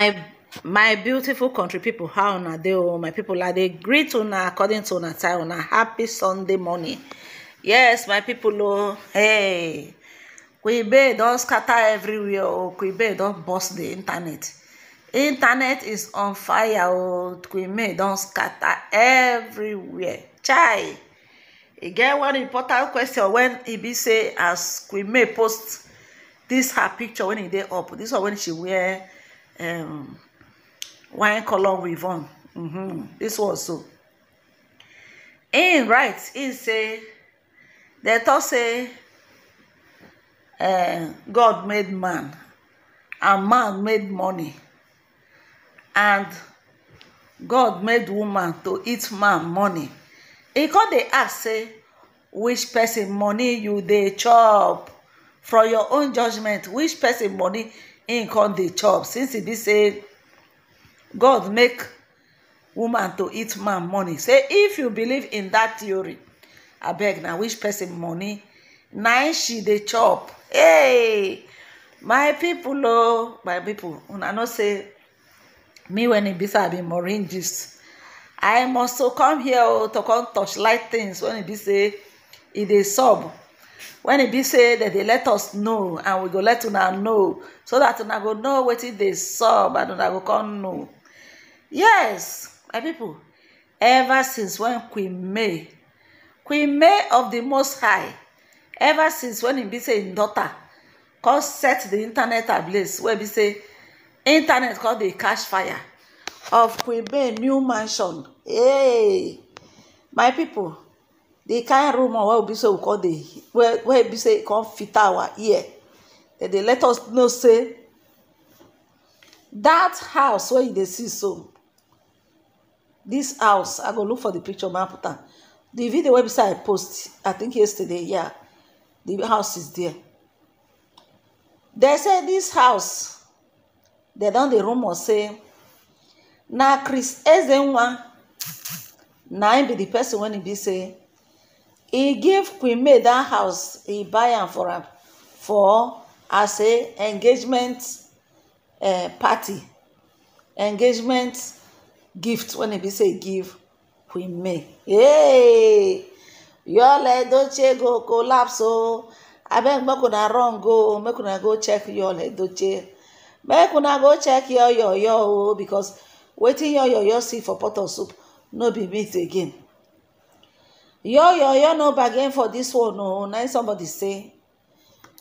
my my beautiful country people. how una dey oh my people are they greet una according to una time una happy sunday morning yes my people. oh hey Kwebe don scatter everywhere oh Kwebe don burst the internet internet is on fire oh Kwebe don scatter everywhere chai e get one important question when e be say as Kwebe post this her picture when e dey up This one when she wear um, wine color ribbon mm -hmm. this was so In right, in say they thought say uh, god made man and man made money and god made woman to eat man money e come they ask say which person money you they chop from your own judgment, which person money In come the chop since he be say god make woman to eat man money say if you believe in that theory I beg now which person money Nine she the chop hey my people o oh, my pipo una know say me when e be say i be marine i must to come here o oh, to come touch light things when e be say e dey sub When e be say dem dey let us know and we go let una know so dat una go know wetin dey sup and una go come know yes my people. ever since when queen may queen may of the most high ever since when e be say im daughter come set the internet ablaze wey be say internet come dey catch fire of queen may new mansion hey my people the kind rumor wey be say we call dey wey be say come fit our ear dem dey let us know say that house wey you dey see so this house i go look for the picture ma put am the video wey be say i post i think yesterday yeah the house is there dem say this house dem don dey rumor say na chris ezenwa na him be the person wey e be say he give queen may that house he buy am for am for as a engagement uh, party engagement gift when e be say give queen may hey yole edoche eh, go collapse o oh. abeg make una run go make una go check yole edoche eh, make una go check your yoyo o oh, because wetin your yoyo see for pot of soup no be meat again yo yo yo no bargain for this one no now somebody say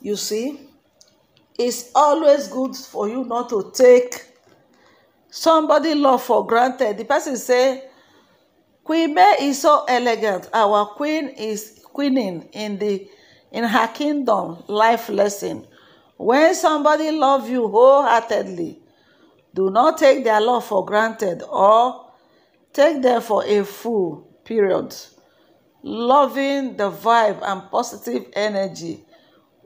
you see it's always good for you not to take somebody love for granted The person say queen may is so elegant our queen is queening in the in her kingdom life lesson when somebody love you wholeheartedly do not take their love for granted or take them for a fool period loving the vibe and positive energy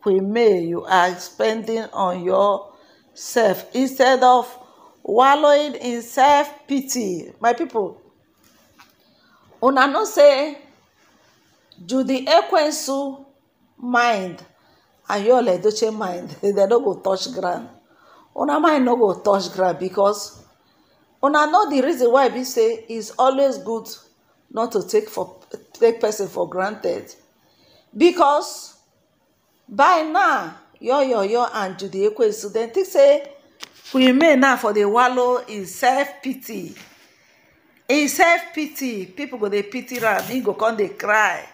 we may you are spending on yourself instead of wallowing in self-pity my people una no say judy ekwensu mind and yul edoche mind dem no go touch ground una mind no go touch ground because una know the reason why we say it's always good not to take for take person for granted because by now yo and judy ekwesu dem They say may now for the wallow in self-pity in self-pity people go they pity am im go come they cry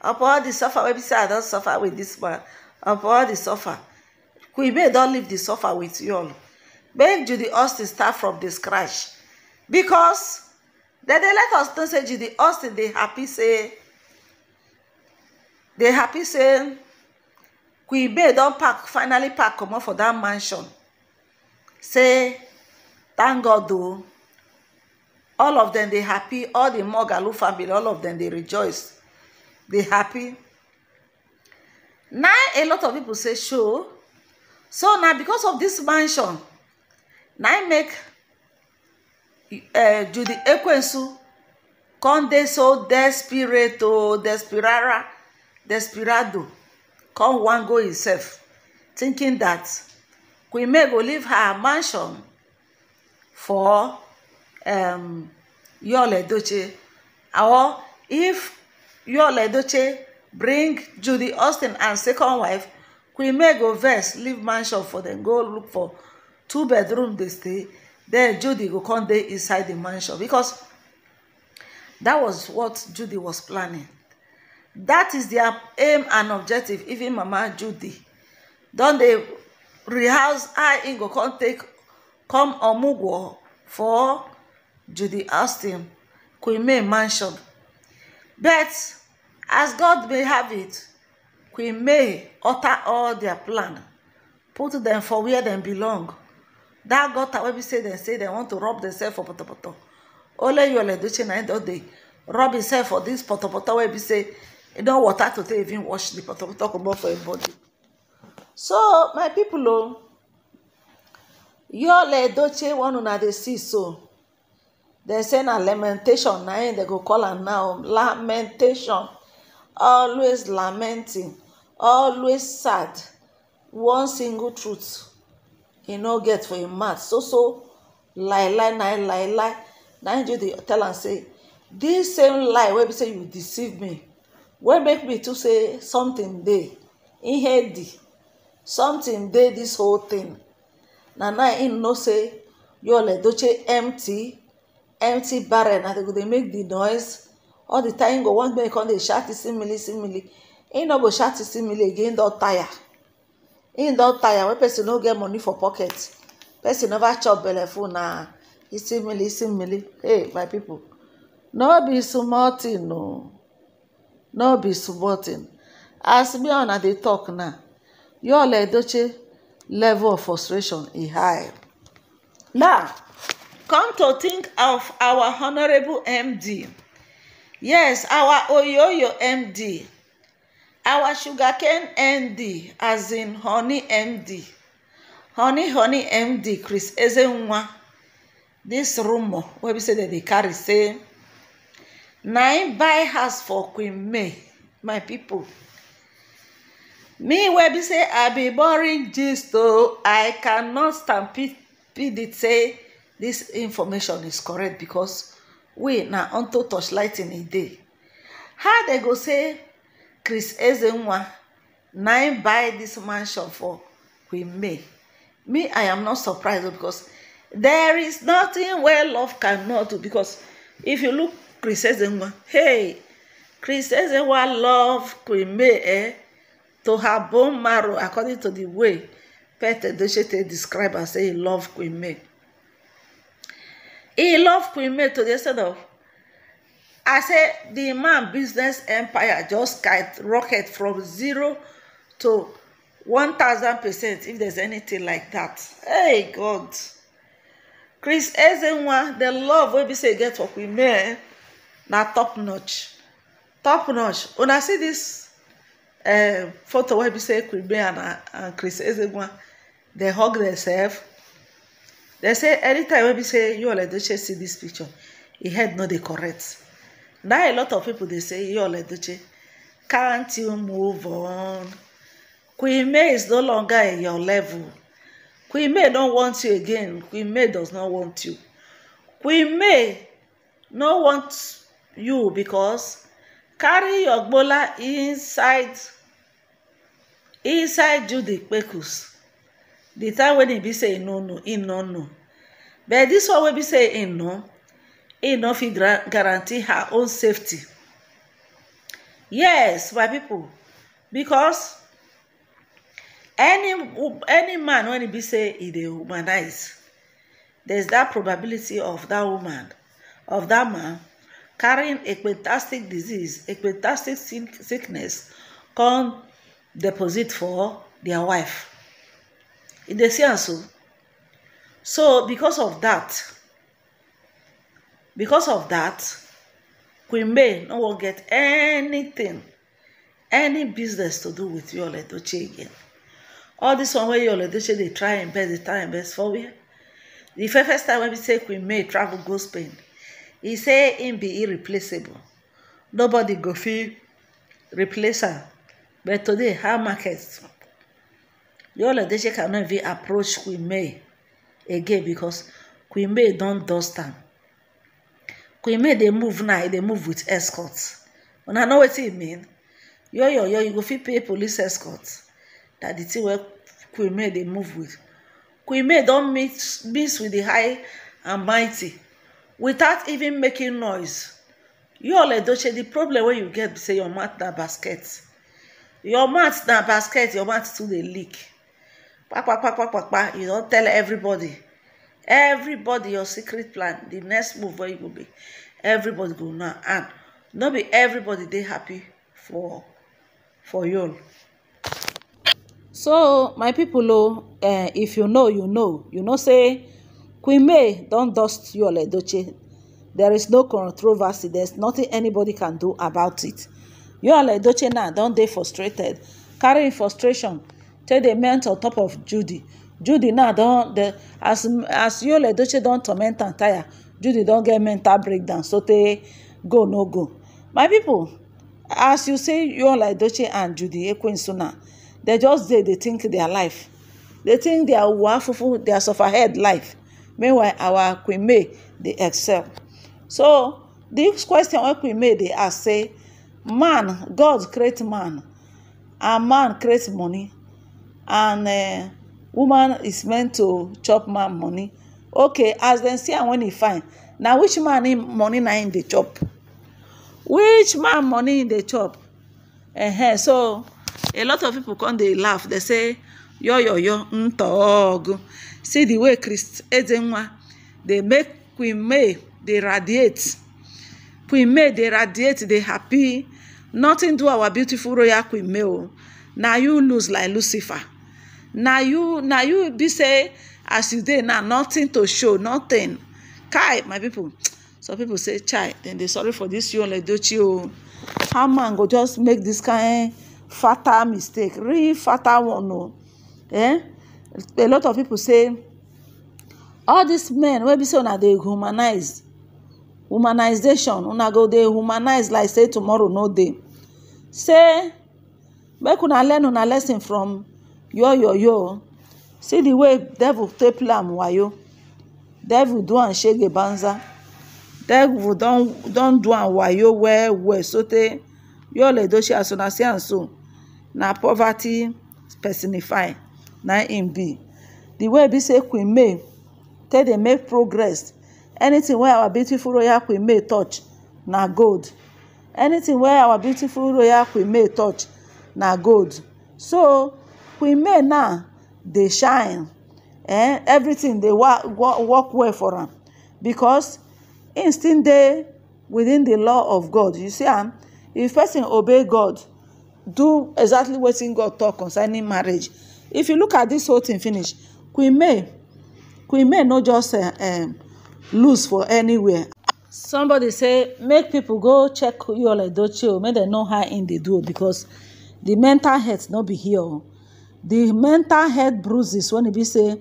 upon all the suffer wey say i don't suffer one. i man upon all the suffer women not leave the suffer with you all make judy austin start from the scratch because. dem they let us don't say the austin they happy say they happy say queen may don't pack finally pack comot for that mansion say thank god though all of them they happy all the mogalu family all of them they rejoice they happy now a lot of people say sure so now because of this mansion now make uh, Judy Ekwensu, Conde so desperado, desperara, desperado, come one go himself, thinking that Queen Meg will leave her mansion for um, Yul Edochie, or if Yul Edochie bring Judy Austin and second wife, Queen Meg will first leave mansion for them, go look for two bedroom they stay then judy go come dey inside the mansion because that was what judy was planning That is their aim and objective even mama judy don dey rehouse how im go come take come omugwo for judy austin queen may mansion but as god may have it queen may utter all their plan put them for where them belong dat gutter wey be say dem say they want to rob themselves for poto. only you yole edoche na don dey rub himself for dis potopoto wey be say e don water to take even wash the di potopoto comot for your body so my pipo oh, you are doing one another see so dem say na lamentation na im go call am now lamentation always lamenting always sad one single truth He no get for him mouth so so lie lie na lie lie na him just dey tell am say this same lie wey be say you deceive me wey make me too say something dey im head di something dey this whole thing na now im know say yul doche empty empty barren na dem go dey make the noise all the time im go want make im come dey shout isimili simili He no go shout simili again don tire him don tire When person no get money for pocket person never chop belle full na isi mili isi mili hey my people no be small thing o no be small thing as me una dey talk now your Edochie level of frustration e high now come to think of our honourable MD yes our oyoyo MD our sugarcane md as in honey md honey honey md chris ezenwa this rumor, wey be say dem dey carry say na im buy house for queen may my people. me wey be say i be boring gist o oh, i cannot stampede it say this information is correct because we na unto in a day. how dem go say chris ezenwa nine buy this mansion for queen may me i am not surprised because there is nothing where love cannot do because if you look chris ezenwa hey chris ezenwa love queen may eh to her bone marrow according to the way pete edochete describe am say he love queen may he love queen may to the extent of I say the man business empire just rocket from zero to one thousand percent. if there's anything like that. Hey, God. Chris Ezenwa, the love we be say e get what we women na top notch. Top notch. When I see this uh, photo wey be say Kwebe and, uh, and Chris Ezenwa, they hug themselves. They say anytime we be say you all Edochie see this picture, he head no dey correct now a lot of people they say Yul Edochie can't you move on Queen May is no longer at your level Queen May don't want you again Queen May does not want you Queen May no want you because carry your bola inside inside you the Kpekus the time when he be say no no know no no but this one will be say e know im no fit guarantee her own safety yes my people? because any any man when e be say e dey womanize there's that probability of that woman of that man carrying a fantastic disease a fantastic sickness come deposit for their wife e dey see am so so because of that because of that queen may no wan get anything any business to do with yul edochie again all this one wey yul edochie they try and best the try and best for where The first first time when we say queen may travel go spain he say im be irreplaceable nobody go fit replace her. but today her market yul edochie cannot even approach queen may again because queen may do dust understand. queen may dey move now e move with escort una know wetin e mean yo! you go fit pay police escort That the thing wey queen may dey move with queen may don't meet meet with the high and mighty without even making noise yul edoche eh, The problem when you get say your mat that basket your mat that basket your mat too dey leak Pa pa pa pa pa pa! you don't tell everybody everybody your secret plan the next move where you will be, everybody go know and not be everybody they happy for for you so my people oh, uh, if you know you know you know say Queen May don't dust your ledoche. there is no controversy there's nothing anybody can do about it You Yul Edochie now Don't they frustrated carry frustration take dey mount on top of Judy judy now don as as yul edochie don torment am tire judy don't get mental breakdown sotey go no go my people, as you say yul doche and judy ekwensu na dem just they they think their life They think they are They are suffer sufferhead life meanwhile our queen may they excel so this question wey queen may they ask say man god create man and man create money and eh, woman is meant to chop man money okay as dem see am when e fine na which man money na im dey chop which man money im dey chop -huh. so a lot of people come dey laugh dey say yoyoyo ntọọgụ see the way christ ezenwa dey make queen may dey radiate queen may dey radiate dey happy nothing do our beautiful royal queen may o na you lose like lucifer na you na you be say as you dey now nothing to show nothing kai my people some people say chai dem dey sorry for dis yul edochie o how man go just make this kind fatal mistake real fatal one o eh a lot of people say all dis men wey be say una dey humanize humanization una go dey humanize like say tomorrow no dey say make una learn una lesson from yoyo see the way devil take plan am wayo devil do am shege banza devil don do am wayo well well sotey yul she as na see and so na poverty personify na im be the way be say queen may take dey make progress anything wey our beautiful royal queen may touch na gold anything wey our beautiful royal queen may touch na gold so may now they shine eh everything they work work well for am because instinct they within the law of god you see am if person obey god do exactly wetin god talk concerning marriage if you look at this whole thing finish queen may queen may no just um eh, eh, lose for anywhere somebody say make people go check yul edochie eh, o make dem know how im dey do because di mental health no be here o oh. the mental health bruises wen e be say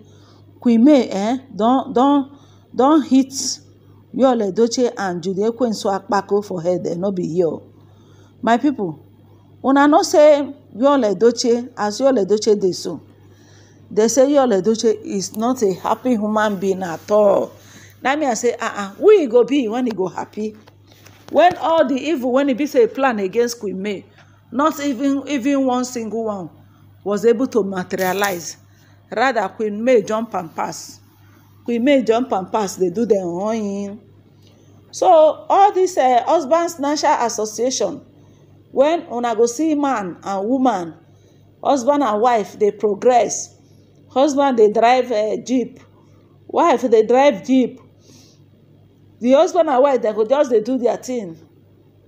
queen may eh, don don don hit yul and judy ekwensu akpako for head eh, no be here o oh. my people una know say yole doche as yole doche dey so dey say yole doche is not a happy human being at all na me i say ah ah who e go be when e go happy when all the evil when e be say e plan against queen may not even even one single one was able to materialize rather Queen May jump and pass Queen May jump and pass They do their own so all this uh, husbands national association when una go see man and woman husband and wife dey progress husband dey drive uh, jeep wife dey drive jeep the husband and wife dem go just dey do their thing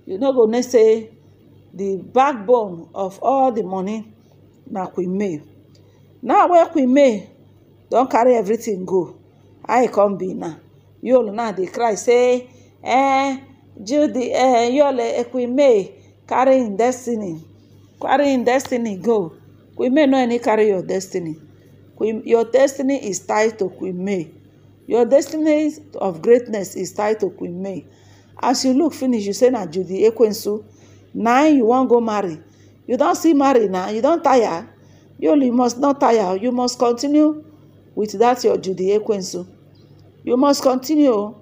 you no go know say the backbone of all the money na queen may now where queen may don't carry everything go I e come be now yul now they cry say eh judy eh yul eh, queen may carry im destiny carry im destiny go queen may no any carry your destiny queen your destiny is tied to queen may your destiny of greatness is tied to queen may as you look finish you say na judy ekwensu na you won't go marry you don't see marry now you don't tire you only must not tire you must continue with that your Judea ekwensu you must continue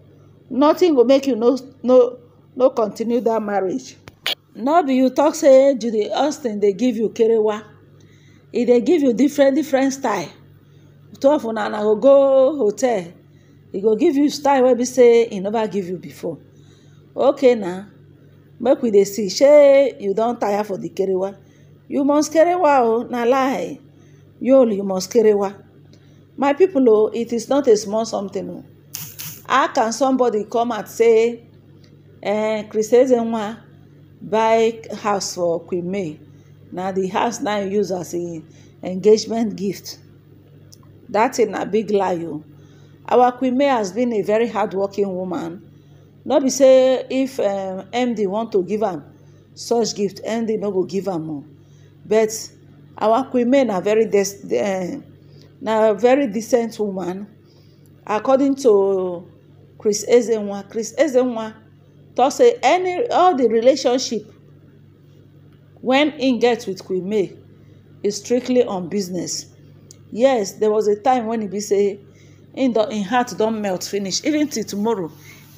nothing will make you no no no continue that marriage Now be you talk say judy austin they give you kerewa If they give you different different style two of una na go go hotel e go give you style where we say e never give you before okay na make we dey see shey you don tire for the kerewa you must kerewa o na lie yall you must kerewa my people o it is not a small something o how can somebody come out say eh, chris ezenwa buy house for queen may na the house na im use as im engagement gift dat thing na big lie o our queen may has been a very hardworking woman no be say if um, md want to give am such gift md no go give am more but our queen may na very uh, na very decent woman according to chris ezenwa chris ezenwa talk say any all the relationship when im get with queen may is strictly on business yes there was a time when e be say im don im heart don melt finish even till tomorrow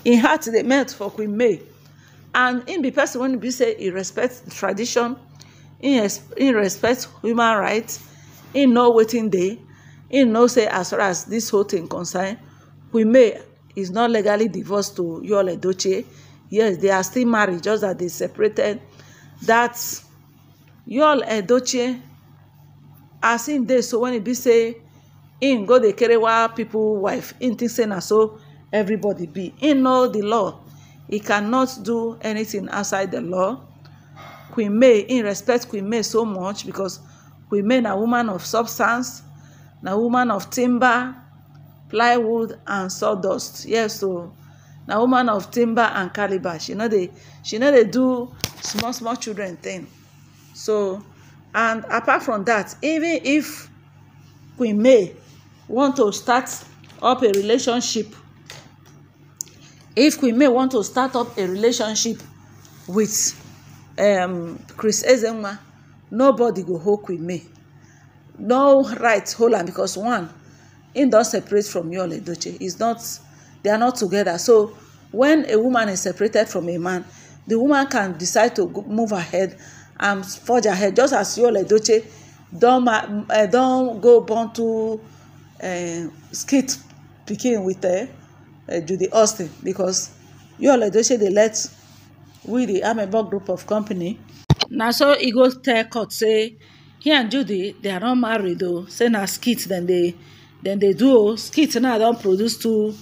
In heart they melt for queen may and in the person wey be say he respect tradition in in respect human rights in no waiting day, in no say as far as this whole thing concern queen may is not legally divorced to yul edochie yes they are still married just that they separated that Yol edochie as in dey so when e be say in go they carry kerewa people wife in think say na so everybody be he know the law he cannot do anything outside the law queen may in respect queen may so much because queen may a woman of substance na woman of timber plywood and sawdust yes so na woman of timber and caliber she know they, she know they do small small children thing so and apart from that even if queen may want to start up a relationship if we may want to start up a relationship with um, Chris Ezenwa nobody go hold Queen May no right hold am because one im don separate from Yul Doche. is not they are not together so when a woman is separated from a man the woman can decide to go, move ahead and forge ahead just as Yul Doche, don uh, don go born two uh, eh, skit pikin with uh, judy austin because you yul edochie dey let we the amebo group of company Now so he goes tell court say he and judy they are not married though. say na skit then they, then they do o skit now don't produce two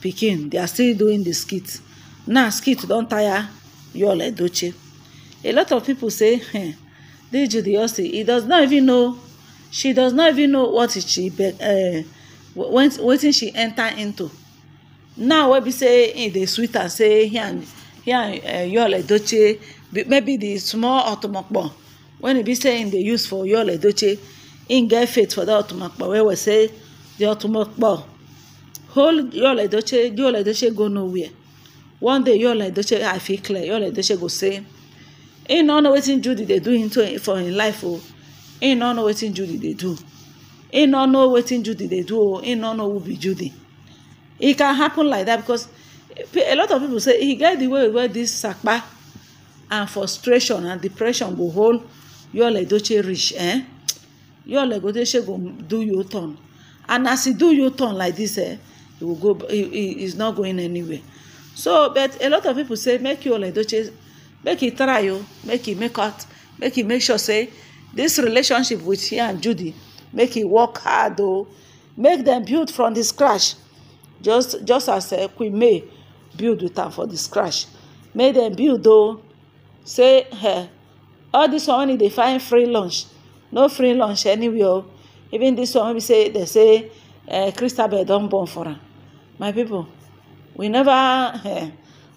pikin they are still doing the skit now skit don't tire yul edochie a lot of people say hey, this judy austin he does not even know she does not even know what she uh, wetin she enter into now wey eh, be say e dey sweet am say he and he and yul doche, maybe the small otomokpo when e be say im dey use for yul doche, im get faith for that otomokpo well we say the otomokpo hold yul edochie yul doche go nowhere one day yul doche i fit clear yul doche go say im no know wetin judy dey do into for im life o im no know wetin judy dey do im no know wetin judy dey do o oh. im no know who be judy It can happen like that because a lot of people say he get the way where this sapa and frustration and depression go hold Yul Edochie rich, eh Yul Edochie go do your turn and as he do your turn like this eh he will go he, is not going anywhere so but a lot of people say make Yul Edochie make he try you, oh. make he make out make he make sure say this relationship with he and Judy make he work hard o oh. make them build from the scratch just just as uh, May build with am for this crash, may dem build though. say uh, all this one they e find free lunch no free lunch anywhere even this one we say they say uh, Christabel don born for am my people we never uh,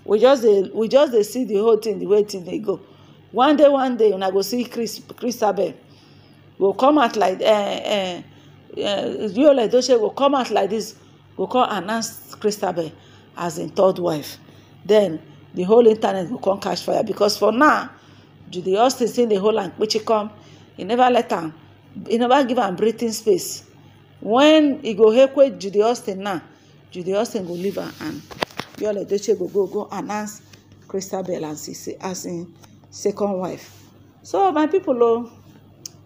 we just dey we just dey see the whole thing the way thing they go one day one day una go see Chris Christabel go come out like uh, uh, uh, Yul Edochie come out like this go come announce christabel as im third wife then the whole internet go come catch fire because for now judy austin still dey hold am kpichi come he never let am He never give am breathing space when he go ekwe judy austin now judy austin go leave am and yul edochie go go go announce christabel as im as im second wife so my people o oh,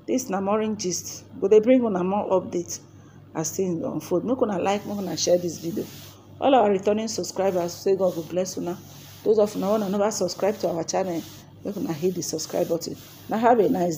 this na morning gist go dey bring una more update as things unfold make una like make una share this video all our returning subscribers say god go bless una those of una wey never subscribe to our channel make una hit the subscribe button na have a nice day